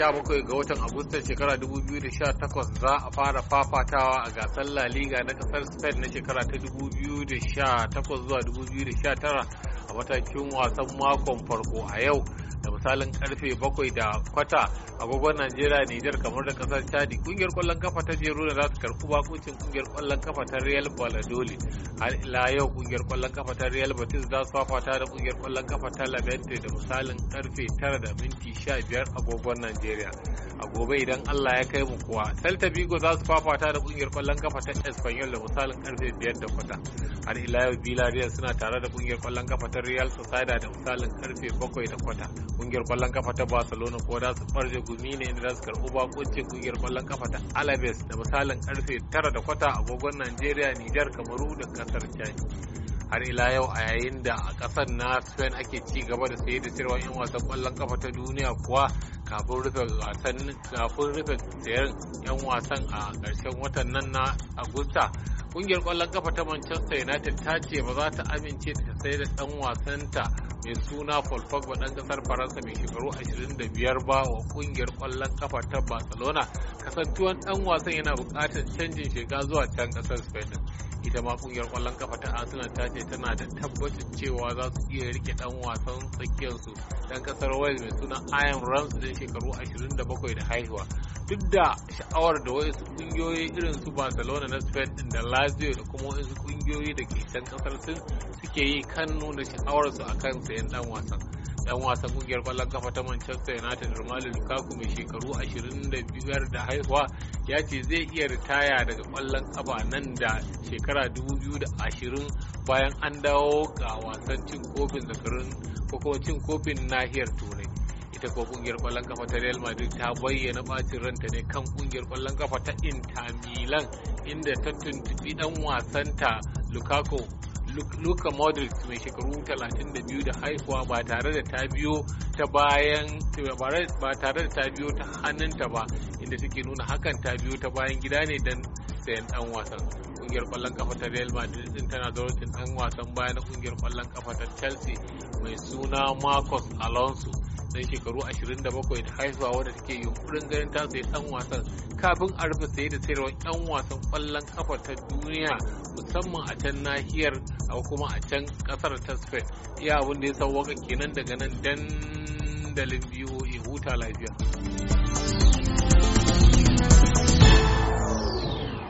17 ga watan agustan shekara 2018 za a fara fafatawa a gasar La Liga na kasar Spain na shekara ta 2018 zuwa 2019 a matakin wasan makon farko a yau da misalin karfe bakwai da kwata agogon najeriya nijar kamar da kasar chadi kungiyar kwallon kafa ta jeru da za su karku bakuncin kungiyar kwallon kafa ta real valladolid har ila yau kungiyar kwallon kafa ta real batis za su fafata da kungiyar kwallon kafa ta labente da misalin karfe tara da minti sha biyar agogon najeriya a gobe idan allah ya kai mu kuwa celta vigo za su fafata da kungiyar kwallon kafa ta espanyol da misalin karfe biyar da kwata har ila yau villarreal suna tare da kungiyar kwallon kafa ta real sociedad da misalin karfe bakwai da kwata kungiyar kwallon kafa ta barcelona ko da su farje gumi ne inda za su karɓi bakuncin kungiyar kwallon kafa ta alaves da misalin karfe tara da kwata agogon najeriya nijar kamaru da kasar chadi har ila yau a yayin da a kasar na spain ake ci gaba da saye da sirwa yan wasan kwallon kafa ta duniya kuwa kafin rufe wasan kafin rufe sayan yan wasan a karshen watan nan na agusta kungiyar kwallon kafa ta manchester united ta ce ba za ta amince ta sayar da dan wasanta mai suna Paul Pogba ɗan ƙasar Faransa mai shekaru 25 ba wa ƙungiyar ƙwallon kafa ta Barcelona kasantuwan ɗan wasan yana buƙatar canjin shiga zuwa can ƙasar Spain. ita ma kungiyar kwallon kafa ta arsenal ta ce tana da tabbacin cewa za su iya rike dan wasan tsakiyarsu dan kasar wales mai suna ian ramsden shekaru 27 da haihuwa duk da sha'awar da wasu kungiyoyi irin su barcelona na spain din da lazio da kuma wasu kungiyoyi da ke can kasar sun suke yi kan nuna sha'awarsu akan sayan dan wasan dan wasan kungiyar kwallon kafa ta Manchester United Romelu Lukaku mai shekaru 25 da haihuwa ya ce zai iya ritaya daga kwallon kafa nan da shekara 2020 bayan an dawo ga wasan cin kofin zakarun ko kuma cin kofin nahiyar turai ita ko kungiyar kwallon kafa ta Real Madrid ta bayyana bacin ranta ne kan kungiyar kwallon kafa ta Inter Milan inda ta tuntubi dan wasanta Lukaku luka modric mai shekaru 32 da haihuwa ba tare da ta biyo ta bayan ba tare da ta biyo ta hannunta ba inda suke nuna hakan ta biyo ta bayan gida ne don sayan dan wasan kungiyar kwallon kafa ta Real Madrid din tana zauratin dan wasan baya na kungiyar kwallon kafa ta Chelsea mai suna Marcos Alonso dan shekaru 27 da haihuwa wadda take yunkurin ganin ta sayi dan wasan kafin a rufe saye da sayarwar yan wasan kwallon kafa ta duniya musamman a can nahiyar a kuma a can kasar ta Spain iya abin da ya sauwaka kenan daga nan dandalin biyu ya huta lafiya.